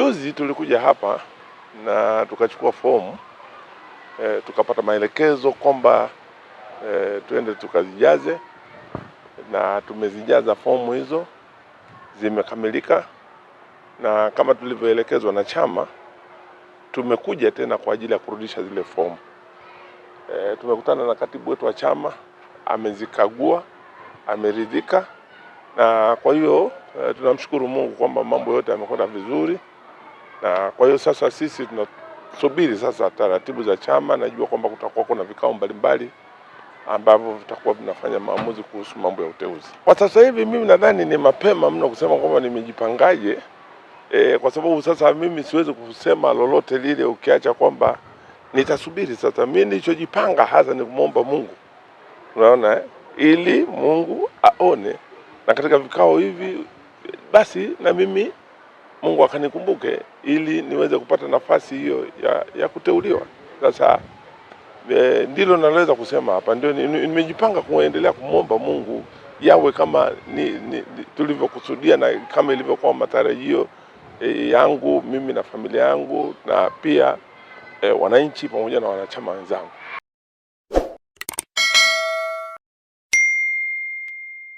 Juzi tulikuja hapa na tukachukua fomu e, tukapata maelekezo kwamba e, tuende tukazijaze, na tumezijaza fomu hizo, zimekamilika na kama tulivyoelekezwa na chama, tumekuja tena kwa ajili ya kurudisha zile fomu e, tumekutana na katibu wetu wa chama, amezikagua, ameridhika na kwa hiyo e, tunamshukuru Mungu kwamba mambo yote yamekwenda vizuri na kwa hiyo sasa sisi tunasubiri sasa taratibu za chama. Najua kwamba kutakuwa kuna vikao mbalimbali ambavyo vitakuwa vinafanya maamuzi kuhusu mambo ya uteuzi. Kwa sasa hivi mimi nadhani ni mapema mno kusema kwamba nimejipangaje, e, kwa sababu sasa mimi siwezi kusema lolote lile ukiacha kwamba nitasubiri. Sasa mimi nilichojipanga hasa ni kumwomba Mungu, unaona eh? ili Mungu aone na katika vikao hivi basi na mimi Mungu akanikumbuke ili niweze kupata nafasi hiyo ya, ya kuteuliwa. Sasa e, ndilo naloweza kusema hapa, ndio nimejipanga kuendelea kumwomba Mungu yawe kama ni, ni, tulivyokusudia na kama ilivyokuwa matarajio e, yangu mimi na familia yangu na pia e, wananchi pamoja na wanachama wenzangu.